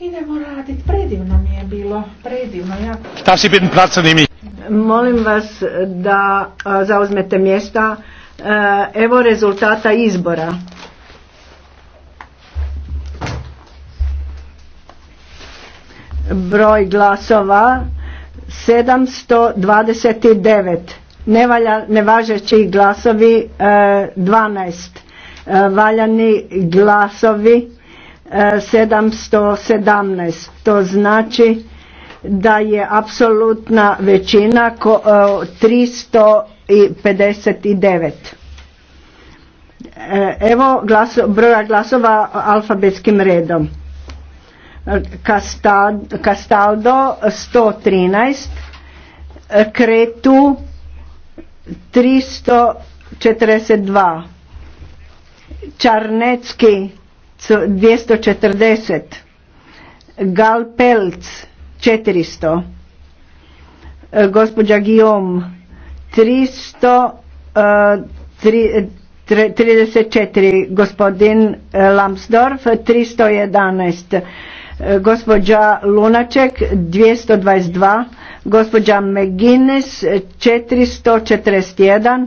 Idemo raditi predivno mi je bilo, predivno, jako. Molim vas da zauzmete mjesta. E, evo rezultata izbora. Broj glasova 729. ne nevažeći glasovi 12. E, e, valjani glasovi 717. To znači da je apsolutna većina 359. E, e, evo glaso, broja glasova alfabetskim redom. Castaldo e, 113, Kretu 342, Čarnecki 240, Gal Pelc 400, e, gospođa Guillaume 334, e, gospodin e, Lamsdorf 311, gospođa Lunaček 222, gospođa McGuinness 441,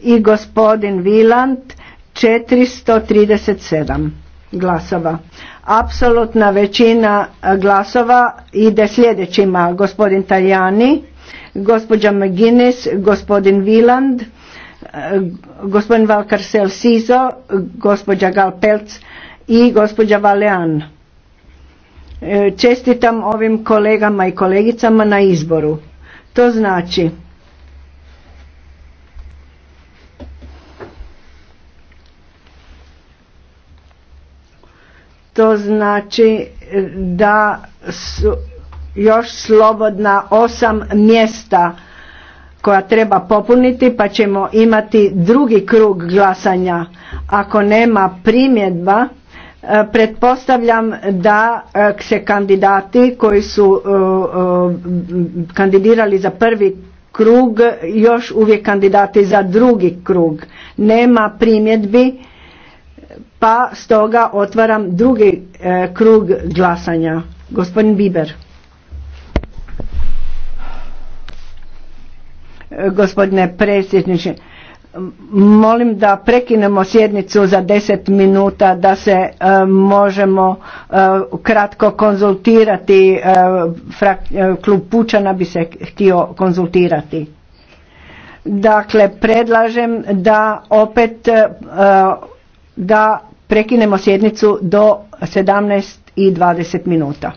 i gospodin Viland 437 glasova. Apsolutna većina eh, glasova ide sljedećima gospodin Tajani, gospođa McGuinness, gospodin Viland, eh, gospodin Valkarsel Sizo, gospođa Galpelc i gospođa Valean. Eh, čestitam ovim kolegama i kolegicama na izboru. To znači To znači e, da su još slobodna osam mjesta koja treba popuniti pa ćemo imati drugi krug glasanja. Ako nema primjedba, e, pretpostavljam da e, se kandidati koji su kandidirali za prvi krug još uvijek kandidati za drugi krug. Nema primjedbi pa stoga otvaram drugi e, krug glasanja. Gospodin Biber. E, gospodine predsjedniče, molim da prekinemo sjednicu za deset minuta da se e, možemo kratko konzultirati. klub Pučana bi se htio konzultirati. Dakle, predlažem da opet da prekinemo sjednicu do 17 i 20 minuta.